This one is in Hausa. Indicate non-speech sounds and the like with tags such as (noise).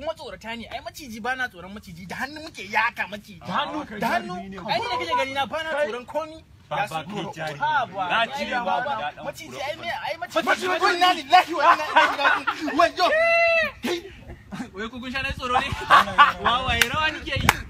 kuma tsorata ne ai maciji bana tsoron maciji da hannu muke yaka maciji da hannu ah, da hannu ai ne gani na bana tsoron komi ya su ko ha ba na ji ba ba maciji ai me ai maciji wajo (laughs) wai ku na tsoro ne (laughs) rawa ke yi